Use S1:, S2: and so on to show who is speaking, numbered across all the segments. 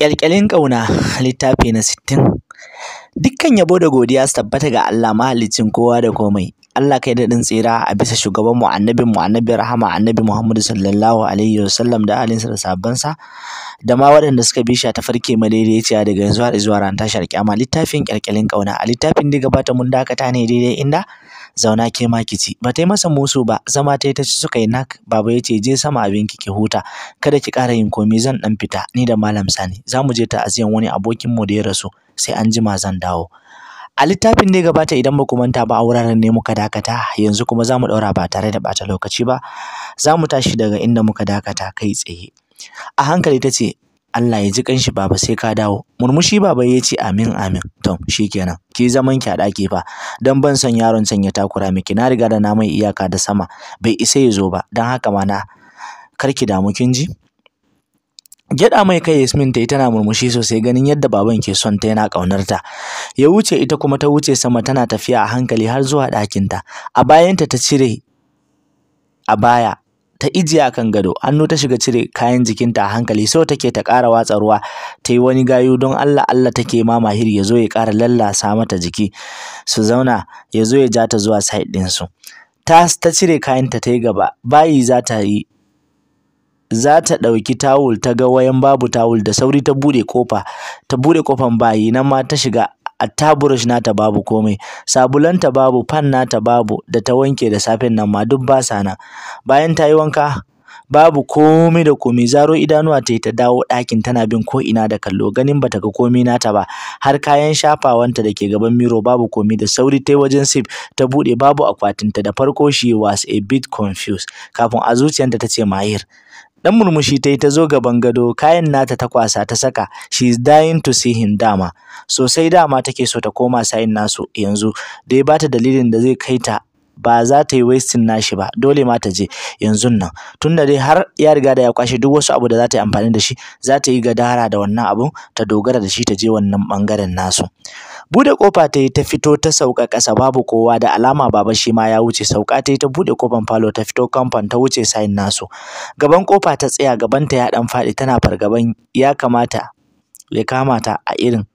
S1: Ƙyalƙyalin ƙauna littafi na sittin. Dukkan yabo da godiya su tabbata ga Allah mahaliccin kowa da komai. Allah kai daɗin tsira a bisa shugaban mu annabin mu annabi rahama annabi Muhammadu sallallahu alaihi wasallam da alinsa da sabbansa da ma waɗanda suka bi shi ta farke malaiyaciya daga yanzu har zuwa ran tashar kyama littafin ƙyalƙyalin ƙauna a littafin da gabata mun dakata ne daidai inda zauna ke ma ki ci ba ta yi masa musu ba zama ta yi ta ci suka yi nak baba ya ce je sama abinki ki huta kada ki ƙara yin komai zan ɗan fita ni da malam sani za mu je ta'aziyan wani abokin mu da ya rasu sai an jima zan dawo a littafin ne gabata idan ba ku manta ba a wuraren ne muka dakata yanzu kuma za mu ɗaura ba tare da ɓata lokaci ba za mu tashi daga inda muka dakata kai tsaye a hankali ta ce Allah ya ji kanshi baba sai ka dawo murmushi baba ya ce amin amin to shikenan ki zaman ki a daki fa dan ban san yaron can ya takura miki na riga da na mai iyaka da sama bai isa ya zo ba dan haka ma na karki damu kin ji Gyaɗa mai kai Yasmin ta yi tana murmushi sosai ganin yadda baban ke son ta yana ƙaunarta. Ya wuce ita kuma ta wuce sama tana tafiya a hankali har zuwa ɗakinta. A bayanta ta cire a baya ta ijiya kan gado hannu ta shiga cire kayan jikinta a hankali so take ta ƙara watsa ruwa ta yi wani gayu don Allah Allah take ma mahir ya zo ya ƙara lallasa mata jiki su zauna ya zo ya ja ta zuwa side su ta ta cire kayanta ta yi gaba bayi za ta yi za ta ɗauki tawul ta ga wayan babu tawul da sauri ta buɗe kofa ta buɗe ƙofan bayi nan ma ta shiga attaburush nata babu komai sabulanta babu fan nata babu da ta wanke da safen nan ma duk ba sa nan bayan ta yi wanka babu komai da komai zaro idanuwa ta ta dawo ɗakin tana bin ko ina da kallo ganin bata ga komai nata ba har kayan shafawanta da ke gaban miro babu komai da sauri ta wajen sif ta bude, babu akwatinta da farko shi was a bit confused kafin a zuciyarta ta ce mahir Dan murmushi ta yi ta zo gaban gado, kayan nata ta kwasa ta saka, she is dying to see him dama. Sosai dama take so ta koma sayin nasu yanzu, dai ba ta dalilin da zai kai ta ba za ta yi wasting nashi ba dole ma ta je yanzun nan tunda dai har ya riga da ya kwashe duk wasu abu da za ta yi amfani da shi za ta yi gadara da wannan abun ta dogara da shi ta je wannan bangaren nasu bude kofa ta yi ta fito ta sauka kasa babu kowa da alama baba shi ma ya wuce sauka ta yi ta bude kofan falo ta fito kamfan ta wuce sayin nasu gaban kofa ta tsaya gaban ta ya dan faɗi tana fargaban ya kamata ya kama ta a irin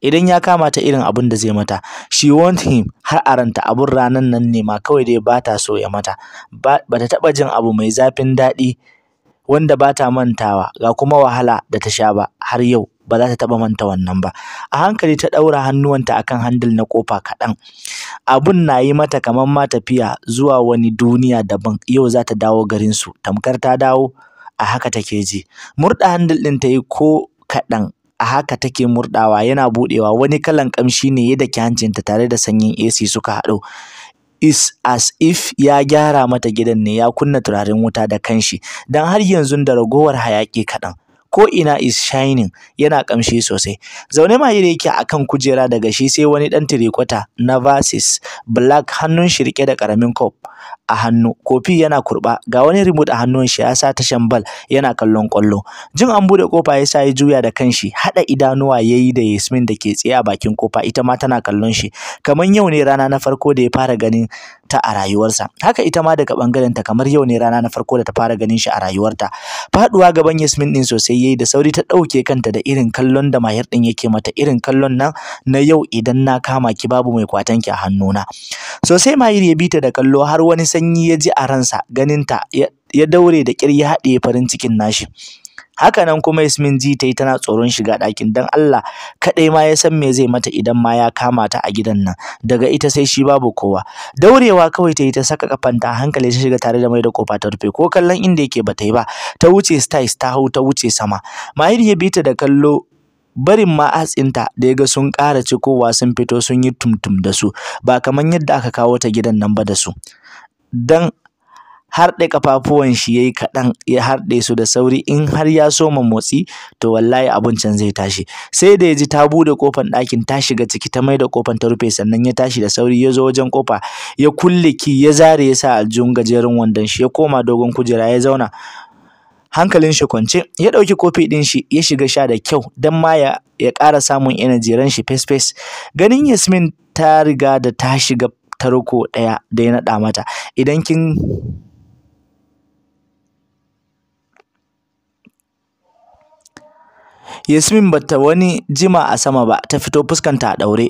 S1: idan ya kama ta irin abin da zai mata she want him har a ranta abin ranan nan ne ma kawai dai ba ta so ya mata ba ta taba jin abu mai zafin daɗi wanda ba ta mantawa ga kuma wahala da ta sha ba har yau ba za ta taba manta wannan ba a hankali ta ɗaura hannuwanta akan handle na kofa kaɗan abun na yi mata kamar ma tafiya zuwa wani duniya daban yau za ta dawo garinsu tamkar ta dawo a haka take ji murɗa handle ɗin ta yi ko kaɗan a haka take murdawa yana buɗewa wani kalan ƙamshi ne ya daki hancinta tare da sanyin AC suka haɗo. is as if ya gyara mata gidan ne ya kunna turaren wuta da kanshi dan har yanzu da ragowar hayaki kaɗan ko ina is shining yana kamshi sosai zaune ma da yake akan kujera daga shi sai wani dan tirekwata na versus black hannun shirke da karamin cop a hannu kofi yana kurba ga wani remote a hannun shi ya sa tashan bal yana kallon kwallo jin an bude kofa ya sa ya juya da kanshi hada idanuwa yayi da Yasmin da ke tsaye a bakin kofa ita ma tana kallon shi kaman yau ne rana na farko da ya fara ganin ta a rayuwarsa haka ita ma daga bangaren ta kamar yau ne rana na farko da ta fara ganin shi a rayuwarta faduwa gaban Yasmin din sosai yayi da sauri ta dauke kanta da irin kallon da Mahir din yake mata irin kallon nan na yau idan na kama ki babu mai kwatan ki a hannuna sosai Mahir ya bita da kallo har wani sanyi ya ji a ransa ganin ta ya daure da ƙir ya haɗe farin cikin nashi haka nan kuma Yasmin ji ta yi tana tsoron shiga ɗakin dan Allah kaɗai ma ya san me zai mata idan ma ya kama ta a gidan nan daga ita sai shi babu kowa daurewa kawai ta yi ta saka kafanta hankali ta shiga tare da mai da kofa ta rufe ko kallon inda yake ta yi ba ta wuce styles ta hau ta wuce sama mahir ya bita da kallo barin ma hatsinta da ya ga sun ƙara cikowa sun fito sun yi tumtum da su ba kamar yadda aka kawo ta gidan nan ba da su dan harɗe kafafuwan shi yayi kaɗan ya harɗe su da sauri in har ya soma motsi to wallahi can zai tashi sai da ya ji ta bude kofan ɗakin ta shiga ciki ta maida kofan ta rufe sannan ya tashi da sauri ya zo wajen kofa ya kulle ki ya zare ya sa aljun gajeren wandon shi ya koma dogon kujera ya zauna hankalin shi kwance ya ɗauki kofi ɗin shi ya shiga sha da kyau don ma ya ya ƙara samun energy ran shi face face ganin Yasmin ta riga da ta shiga tarko ɗaya da ya naɗa mata idan kin Yasmin bata wani jima a sama ba ta fito fuskanta a daure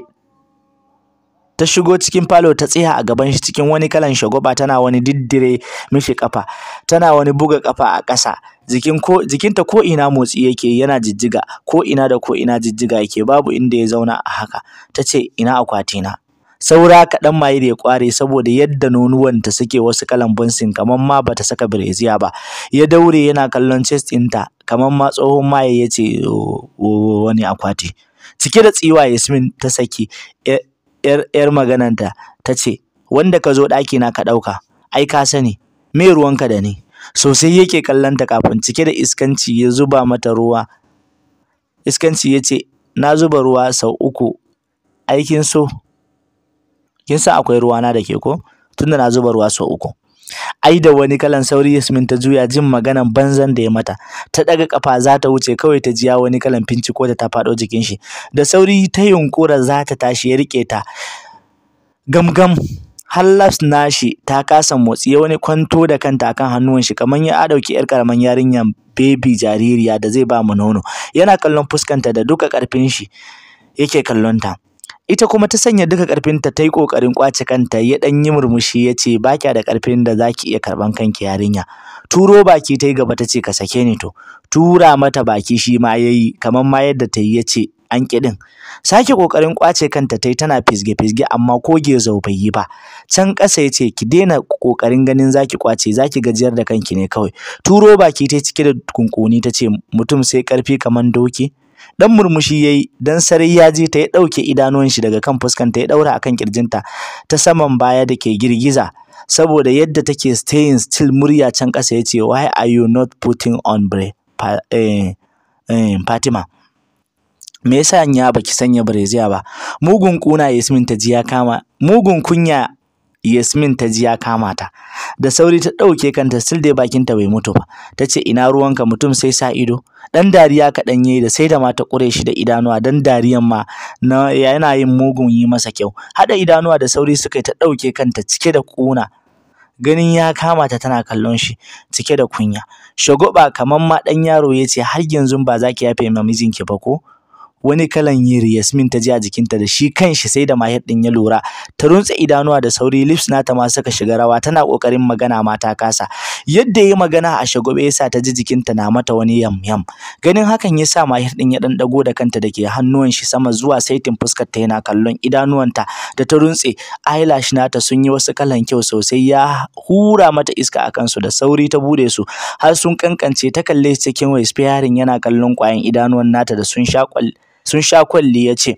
S1: ta shigo cikin falo ta tsaya a gaban shi cikin wani kalan shagoba tana wani diddire mishi kafa tana wani buga kafa a ƙasa jikin ko jikinta ko ina motsi yake yana jijjiga ko ina da ko ina jijjiga yake babu inda ya zauna a haka tace ina akwati na saura kaɗan maye da ya ƙware saboda yadda nonuwanta suke wasu kalan bunsin kamar ma bata saka bireziya ba ya daure yana kallon chest ɗinta kamar ma tsohon maye ya ce wani akwati cike da tsiwa yasmin ta saki yar magananta ta ce wanda ka zo na ka ɗauka ai ka sani me ruwanka da ni sosai yake kallonta kafin cike da iskanci ya zuba mata ruwa iskanci ya ce na zuba ruwa sau uku aikin so kin san akwai ruwana da ke ko tunda na zuba ruwa sau uku ai da wani kalan sauri Yasmin ta juya jin maganan banzan da ya mata ta daga kafa za ta wuce kawai ta jiya wani kalan finciko ko ta faɗo jikin shi da sauri ta yunkura za ta tashi ya rike ta gamgam Hallas nashi ta kasa motsi ya wani kwanto da kanta akan hannuwan shi kamar ya dauki yar karaman yarinyar baby jaririya da zai ba mu nono yana kallon fuskanta da duka karfin shi yake kallon ta ita kuma ta sanya duka ƙarfinta ta yi ƙoƙarin ƙwace kanta ya ɗan yi murmushi ya ce ba kya da ƙarfin da za ki iya karɓan kanki yarinya turo baki ta yi gaba ta ce ka sake ni to tura mata baki shi ma ya yi kamar ma yadda ta yi ya ce an kiɗin!' sake ƙoƙarin ƙwace kanta ta yi tana fisge-fisge amma ko gezo bai yi ba can ƙasa ya ce ki daina ƙoƙarin ganin zaki ƙwace zaki gajiyar da kanki ne kawai turo baki ta cike da kunkuni ta ce mutum sai ƙarfi kamar doki dan murmushi yayi dan sarai ya je ta ya dauke idanuwan shi daga kan fuskan ta ya daura akan kirjinta ta saman baya da ke girgiza saboda yadda take staying still murya can kasa yace why are you not putting on bre eh, eh, Fatima me yasa ya baki sanya breziya ba mugun kuna Yasmin ta ji ya kama mugun kunya Yasmin ta ji ya kama ta. Da sauri ta ɗauke kanta still dai ta bai mutu ba. tace ce ina ruwanka mutum sai sa ido. Dan dariya kaɗan yayi da sai da ma ta ƙure shi da idanuwa dan dariyan ma na yana yin mugun yi masa kyau. Hada idanuwa da sauri suka ta ɗauke kanta cike da ƙuna. Ganin ya kama ta tana kallon shi cike da kunya. Shagoba kamar ma ɗan yaro yace har yanzu ba za ki yafe ma mijinki ba ko? wani kalan yiri Yasmin ta ji a jikinta da shi kanshi sai da Mahir din ya lura ta runtse idanuwa da sauri lips nata ma suka shiga rawa tana kokarin magana mata kasa yadda yi magana a shagobe yasa ta ji jikinta na mata wani yam yam ganin hakan yasa Mahir din ya dan dago da kanta dake hannuwan shi sama zuwa saitin fuskar ta yana kallon idanuwanta da ta runtse eyelash nata sun yi wasu kalan kyau sosai ya hura mata iska akan su da sauri ta bude su har sun kankance ta kalle cikin wayar yana kallon kwayan idanuwan nata da sun sha sun sha kwalli ya ce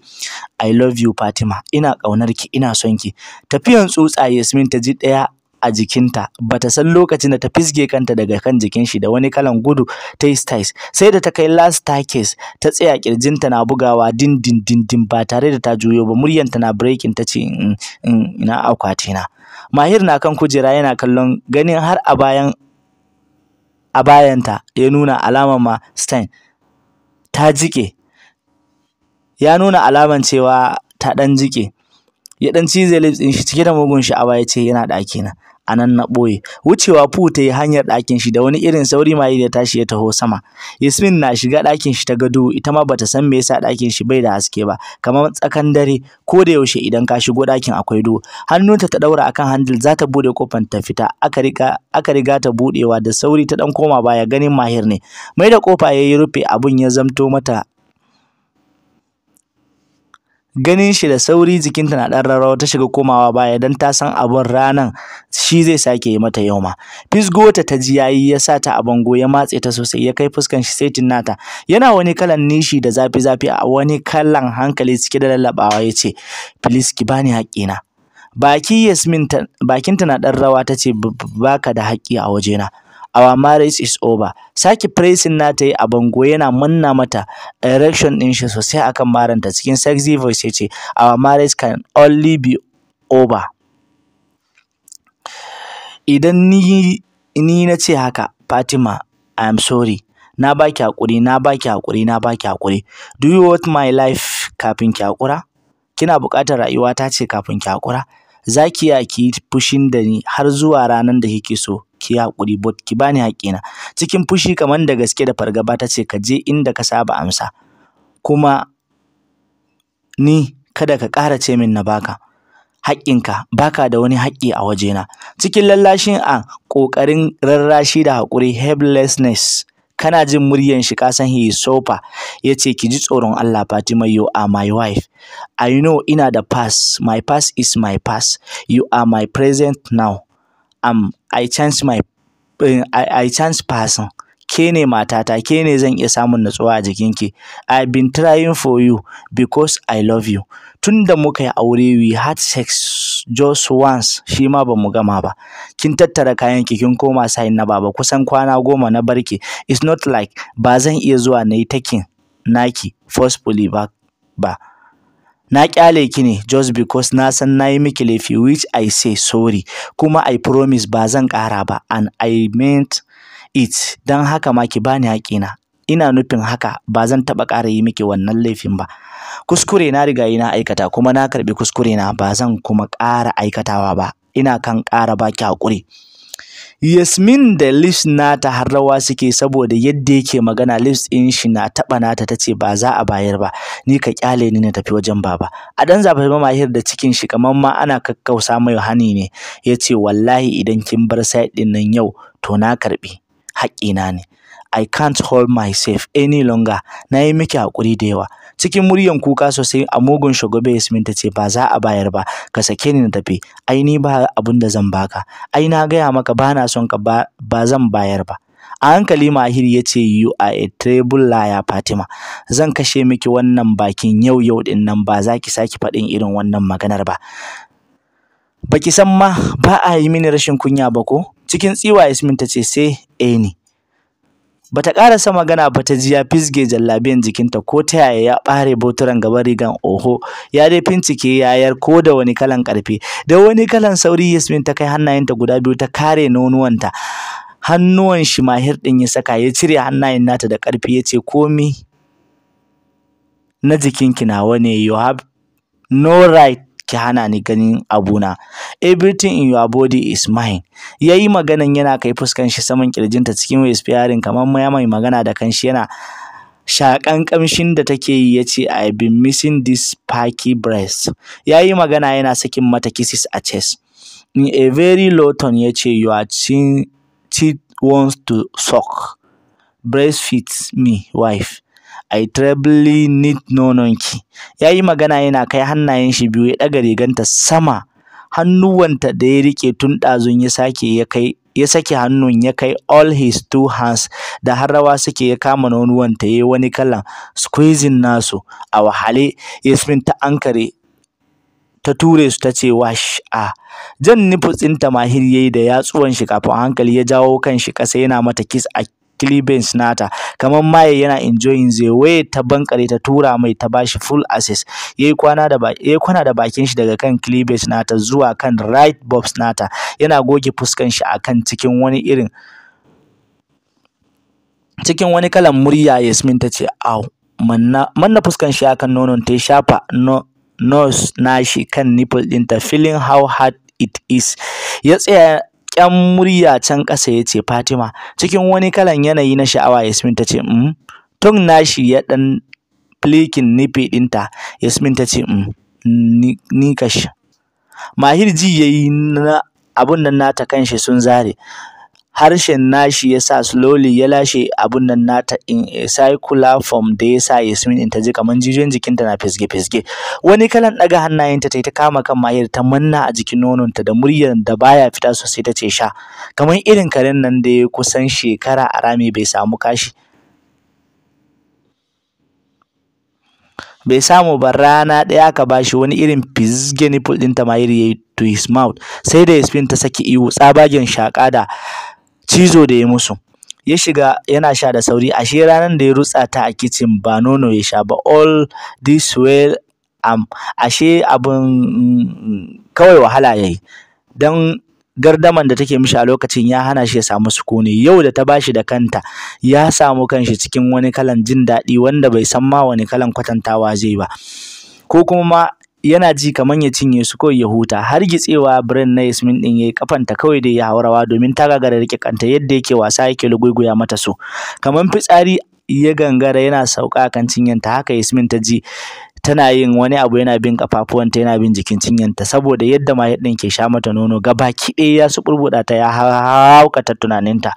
S1: I love you Fatima ina ƙaunar ki ina son ki tafiyan tsutsa Yasmin ta ji ɗaya a jikinta bata san lokacin da ta fisge kanta daga kan jikin shi da wani kalan gudu ta yi sai da ta kai last takes ta tsaya kirjinta na bugawa din din din din ba tare da ta juyo ba muryanta na breaking ta ce mm, mm, ina akwati na mahir na kan kujera yana kallon ganin har a bayan a bayanta ya nuna alamar ma stein ta jike ya nuna alaman cewa ta ɗan jike ya ɗan cize lips shi cike da mugun sha'awa ya ce yana ɗaki na a nan na ɓoye wucewa fu ta yi hanyar ɗakin shi da wani irin sauri maye da tashi ya taho sama yasmin na shiga ɗakin shi ta gado ita ma bata san me yasa ɗakin shi bai da haske ba kamar tsakan dare ko da yaushe idan ka shigo ɗakin akwai duhu hannunta ta ɗaura akan handle za ta buɗe kofar ta fita aka riga aka riga ta buɗewa da sauri ta ɗan koma baya ganin mahir ne mai da kofa ya yi rufe abun ya zamto mata ganin shi da sauri jikinta na ɗan rarrawa ta shiga komawa baya don ta san abin ranan shi zai sake yi mata yau ma fisgota ta ji yayi ya sa ta a bango ya matse ta sosai ya kai fuskan shi saitin nata yana wani kalan nishi da zafi zafi a wani kalan hankali cike da lallabawa ya ce Filis ki bani haƙƙina baki yasmin bakinta na ɗan rawa ta ce baka da haƙƙi a wajena our marriage is over saki praising na ta yi a bango yana manna mata erection din shi sosai akan maranta cikin sexy voice yace our marriage can only be over idan ni ni na ce haka Fatima I am sorry na baki hakuri na baki hakuri na baki hakuri do you want my life kafin ki hakura kina buƙatar rayuwa ta ce kafin ki hakura zaki ya ki fushin da ni har zuwa ranar da kike so ki haƙuri bot ki bani haƙina cikin fushi kamar da gaske da fargaba ta ce ka je inda ka saba amsa kuma ni kada ka ƙara ce min na baka haƙƙinka baka da wani haƙƙi a wajena cikin lallashin a ƙoƙarin rarrashi da haƙuri helplessness kana jin muryan shi kasan he is sofa yace ki ji tsoron Allah Fatima you are my wife I know ina da past my past is my past you are my present now am I chance my eh, I, I chance person ke ne matata ke ne zan iya samun natsuwa a jikinki I been trying for you because I love you tun da muka yi aure we had sex just once shi ma ba mu gama ba kin tattara kayan ki kin koma sayin na baba kusan kwana goma na barki, it's not like ba zan iya zuwa na yi takin naki forcefully ba ba na kyale ki ne just because na san na yi miki laifi which I say sorry kuma I promise ba zan ƙara ba and I meant it dan haka ma ki bani haƙina ina nufin haka ba zan taba ƙara yi miki wannan laifin ba kuskure na riga na aikata kuma na karɓi kuskure na ba zan kuma ƙara aikatawa ba ina kan ƙara baki haƙuri Yasmin da lips nata har rawa suke saboda yadda yake magana lips ɗin shi na taɓa nata tace ba za a bayar ba ni ka kyale ni na tafi wajen baba a dan zafi mamahir da cikin shi kamar ma ana kakkausa mai hani ne yace wallahi idan kin bar side ɗin nan yau to na karbi haƙina ne I can't hold myself any longer na yi miki haƙuri da yawa cikin muryan kuka sosai a mugun shagobe Yasmin ta ce ba za a bayar ba ka sake ni na tafi ai ni ba abin da zan baka ai na gaya maka bana son ka ba, zan bayar ba a hankali Mahir ya ce you are a terrible liar Fatima zan kashe miki wannan bakin yau yau din nan ba za ki saki faɗin irin wannan maganar ba baki san ma ba a yi mini rashin kunya ba ko cikin tsiwa Yasmin ta ce sai eh ni bata karasa magana ba ta ji ya fisge jallabiyan jikinta ko ta yaya ya bare boturan gaban rigan oho ya dai fincike yayar ko da wani kalan karfe da wani kalan sauri Yasmin ta kai hannayenta guda biyu ta kare nonuwanta hannuwan shi mahir din ya saka ya cire hannayen nata da karfi ya ce komi na jikinki nawa ne you have no right ki hana ni ganin abuna everything in your body is mine yayi maganan yana kai fuskan shi saman kirjinta cikin whispering kamar maya mai magana da kanshi yana shakan kamshin da take yi yace i been missing this perky breast yayi magana yana sakin mata kisses a chest in a very low tone yace your chin, chin wants to suck breastfeed me wife I terribly need nononki. Ya yi magana yana kai hannayen shi biyu ya ɗaga riganta sama. Hannuwanta da ya rike tun ɗazun ya sake ya kai ya sake hannun ya kai all his two hands da har rawa suke ya kama nonuwanta ya wani kalan squeezing nasu a wahale Yasmin ta ankare ta ture su ta ce wash a jan nufutsinta mahir yayi da yatsuwan shi kafin hankali ya jawo kan shi ƙasa yana mata kiss a clearance nata kamar maye yana enjoying zai waye ta bankare ta tura mai ta bashi full access yayi kwana da yayi kwana da bakin shi daga kan clearance nata zuwa kan right bob nata yana goge fuskan shi akan cikin wani irin cikin wani kalan murya Yasmin tace au manna manna fuskan shi akan nonon ta shafa no nose nashi kan nipple ɗinta feeling how hard it is ya tsaya ƙyan murya can ƙasa ya ce Fatima cikin wani kalan yanayi na sha'awa Yasmin ta ce um mm. tun nashi ya ɗan flikin nufi ɗinta Yasmin ta ce um ni kash Mahir ji yayi na abun nan nata kanshi sun zare harshen nashi ya sa slowly ya lashe abun nan nata in a circular form da ya sa Yasmin in ta ji kaman jijiyoyin ta na fisge-fisge wani kalan ɗaga hannayen ta ta kama kan mayar ta manna a jikin nonon ta da muryar da baya fita sosai ta ce sha kamar irin karen nan da ya kusan shekara a rami bai samu kashi bai samu ba rana ɗaya ka bashi wani irin fisge nipple ɗin mayar yayi to his mouth sai da Yasmin ta saki iwo. tsabagen shaka da cizo da ya musu ya shiga yana sha da sauri ashe ranar da ya rutsa ta a kicin ba nono ya sha ba all this well am um, ashe abin kawai wahala yayi dan gardaman da take mishi a lokacin ya hana shi ya samu sukuni yau da ta bashi da kanta ya samu kanshi cikin wani kalan jin daɗi wanda bai san ma wani kalan kwatantawa zai ba ko kuma yana ji kamar ya cinye su kawai ya huta har gitsewa Brian na Yasmin din yayi kafanta kawai da ya haurawa domin ta gagara rike kanta yadda yake wasa yake luguguya mata su kamar fitsari ya gangara yana sauka kan cinyanta haka Yasmin ta ji tana yin wani abu yana bin kafafuwanta yana bin jikin cinyanta saboda yadda mahaiɗin ke sha mata nono gabaki ɗaya ya su suɓurɓuɗa ta ya haukata tunaninta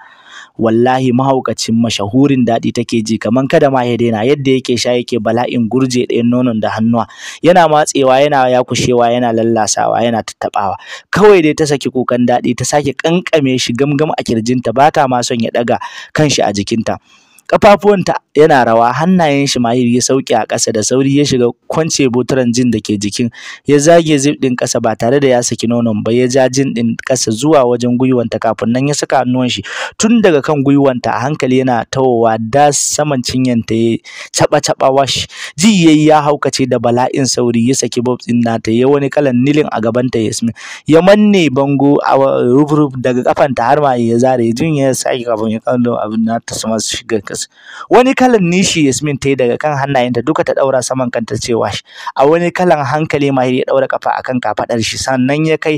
S1: wallahi mahaukacin mashahurin daɗi take ji kaman kada ma ya daina yadda yake sha yake bala'in gurje ɗayan nonon da hannuwa yana matsewa yana yakushewa yana lallasawa yana tattaɓawa. kawai dai ta saki kukan daɗi ta sake kankame shi gamgam a kirjinta ba ta ma son ya ɗaga kanshi a jikinta ƙafafuwanta yana rawa hannayen shi Mahir ya sauke a ƙasa da sauri ya shiga kwance buturan jin da ke jikin ya zage zip din ƙasa ba tare da ya saki nonon ba ya ja jin din ƙasa zuwa wajen gwiwanta kafin nan ya saka hannuwan shi tun daga kan gwiwanta a hankali yana tawowa da saman ta ya caba caba wash ji yayi ya haukace da bala'in sauri ya saki bob din nata ya wani kalan nilin a ta Yasmin ya manne bango a ruf daga kafanta har ma ya zare jin ya saki kafin ya kallo abin nata sama su shiga ƙasa wani kalan nishi Yasmin ta yi daga kan hannayenta duka ta ɗaura saman kanta cewa a wani kalan hankali mahiri ya daura kafa akan kafaɗar shi sannan ya kai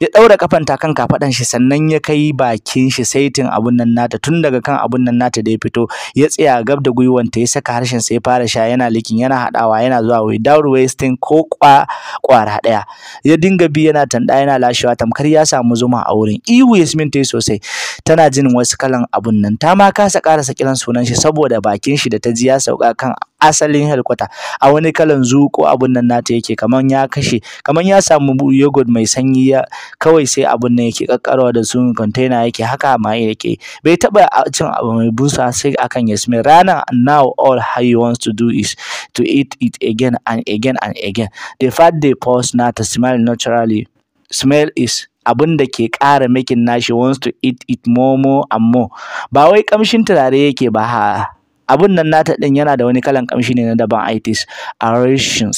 S1: ya ɗaura ta kan kafaɗan shi sannan ya kai bakin shi saitin abun nan nata tun daga kan abun nan nata da ya fito ya tsaya gab da ta ya saka harshen sa ya fara sha yana likin yana haɗawa yana zuwa without wasting ko kwa kwara ɗaya ya dinga bi yana tanda yana lashewa tamkar ya samu zuma a wurin ihu yasmin ta sosai tana jin wasu kalan abun nan ta ma kasa karasa kiran sunan shi saboda bakin shi da ta ji ya sauka kan asalin helkwata a wani kalan zuko abun nan nata yake kaman ya kashe kaman ya samu yogurt mai sanyi ya kawai sai abun nan yake kakkarwa da su container yake haka ma yake bai taba cin abu mai busa sai akan Yasmin ranan now all he wants to do is to eat it again and again and again the fat they pause nata smile naturally smell is abun da ke ƙara makin nashi wants to eat it more more and more ba wai kamshin turare yake ba ha abun nan nata din yana da wani kalan kamshi ne na daban itis a rashin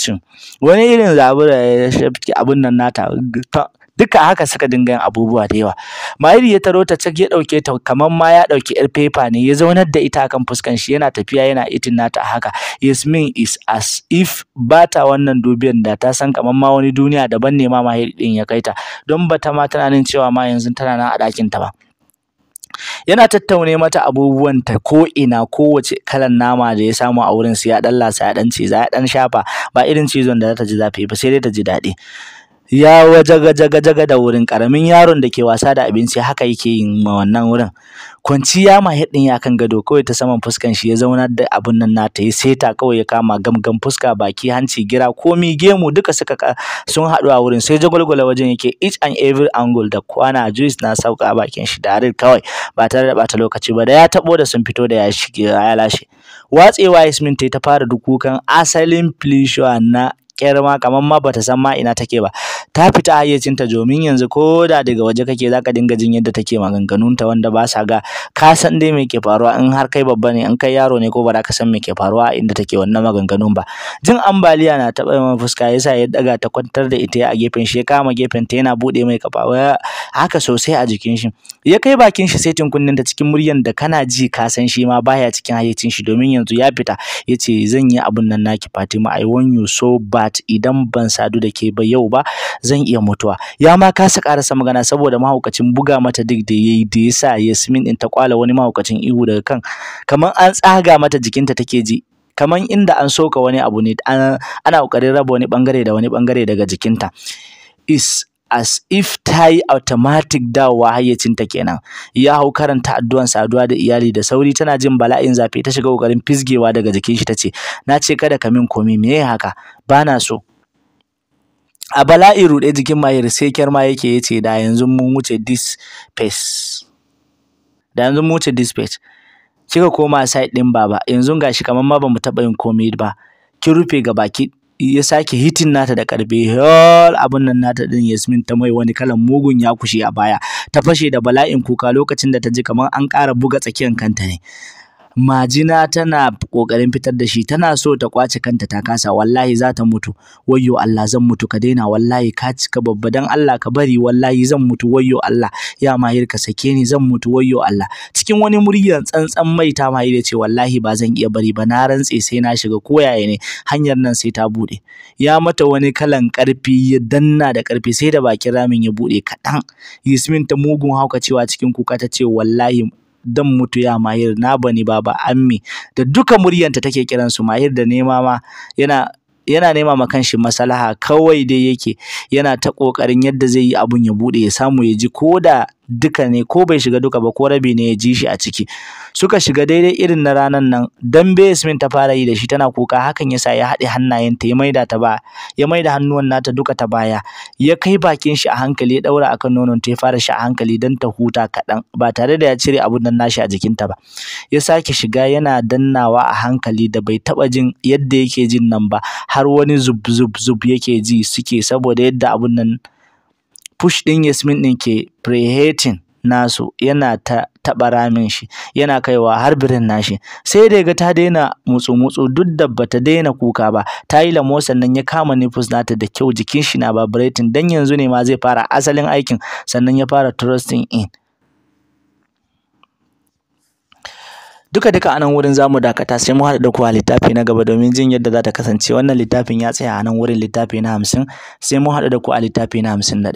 S1: wani irin zabura ya shafi abun nan nata duka haka suka dinga yin abubuwa da yawa mahiri ya taro ta cak ya dauke ta kamar ma ya dauki yar paper ne ya zaunar da ita akan fuskan shi yana tafiya yana itin nata haka yasmin is as if ba ta wannan dubiyan da ta san kamar ma wani duniya daban ne ma mahiri din ya kai ta don ta ma tana nan cewa ma yanzu tana nan a dakin ta ba yana tattaune mata abubuwan ta ko ina kowace kalan nama da ya samu a wurin su ya dan lasa ya dan za ya dan shafa ba irin cizon da za ta ji zafi ba sai dai ta ji daɗi ya wajaga jaga jaga da wurin karamin yaron da ke wasa da abinci haka yake yin ma wannan wurin kwanciya ma hidin ya kan gado kawai ta saman fuskan shi ya zauna da abun nan nata ya seta kawai ya kama gamgam fuska baki hanci gira komi gemu duka suka sun haɗu a wurin sai jagwalgwala wajen yake each and every angle da kwana juice na sauka bakin shi da kawai ba tare da bata lokaci ba da ya tabo da sun fito da ya shige ya lashe watsewa Yasmin ta fara kukan asalin plishua na ƙyar ma kamar ma bata san ma ina take ba ta fita hayyacinta domin yanzu ko da daga waje kake zaka dinga jin yadda take ta wanda ba sa ga ka san dai me ke faruwa in har kai babba ne in kai yaro ne ko ba za ka san me ke faruwa inda take wannan maganganun ba jin ambaliya na taba mai fuska yasa ya daga ta kwantar da ita a gefen shi ya kama gefen ta yana buɗe mai kafa haka sosai a jikin shi ya kai bakin shi sai tinkunnin ta cikin muryan da kana ji ka san shi ma baya cikin hayyacin shi domin yanzu ya fita yace zan yi abun nan naki Fatima I want you so bad Fat idan ban sadu da ke ba yau ba zan iya mutuwa ya ma kasa karasa magana saboda mahaukacin buga mata duk da yayi da yasa Yasmin din ta kwala wani mahaukacin ihu daga kan Kaman an tsaga mata jikinta take ji kaman inda an soka wani abu ne ana kokarin raba wani bangare da wani bangare daga jikinta is as if ta yi automatic dawowa hayyacinta kenan ya hau karanta addu'an saduwa da iyali da sauri tana jin bala'in zafi ta shiga kokarin fisgewa daga jikin shi tace na ce kada ka min komi me haka bana so a bala'i rude, jikin mahir sai kyarma yake yace da yanzu mun wuce this pace da yanzu mun wuce this page kika koma side din baba yanzu gashi kamar ma bamu taba yin komai ba kin rufe ga baki ya sake hitin nata da karbe har abun nan nata din Yasmin ta mai wani kalan mugun ya kushe a baya ta fashe da bala'in kuka lokacin da ta ji kamar an ƙara buga tsakiyar kanta ne majina tana ƙoƙarin fitar da shi tana so ta kwace kanta ta kasa wallahi za ta mutu wayyo Allah zan mutu ka daina wallahi ka cika babba dan Allah ka bari wallahi zan mutu wayyo Allah ya mahir ka sake ni zan mutu wayyo Allah cikin wani muryar tsantsan mai ta mahir ce wallahi ba zan iya bari ba na rantse sai na shiga koyaye ne hanyar nan sai ta bude ya mata wani kalan karfi ya danna da karfi sai da bakin ramin ya bude kaɗan Yasmin ta mugun hauka cewa cikin kuka ta ce wallahi dan mutuya mahir na bani baba ammi da duka muryanta take kiran su mahir da nema ma yana yana nema ma kanshi maslaha kawai dai yake yana ta kokarin yadda zai yi abun ya bude ya samu ya ji koda duka ne ko bai shiga duka ba ko rabi ne ya ji shi a ciki suka shiga daidai irin na ranan nan dan basement ta fara yi da shi tana kuka hakan yasa ya haɗe hannayenta ya maida ta ba ya maida hannuwan nata duka ta baya ya kai bakin shi a hankali ya daura akan nonon ta ya fara shi a hankali dan ta huta kaɗan ba tare da ya cire abun nan nashi a ta ba ya sake shiga yana dannawa a hankali da bai taba jin yadda yake jin nan ba har wani zub zub zub yake ji suke saboda yadda abun nan push ɗin Yasmin din ke prehating nasu yana ta taɓa ramin shi yana kaiwa har birin nashi sai da ga ta daina mutsu mutsu duk da bata daina kuka ba ta yi lamo sannan ya kama nipples nata da kyau jikin shi na vibrating dan yanzu ne ma zai fara asalin aikin sannan ya fara trusting in duka duka anan wurin zamu dakata sai mu hada da kuwa littafi na gaba domin jin yadda za ta kasance wannan littafin ya tsaya anan wurin littafi na hamsin sai mu hada da ku a littafi na hamsin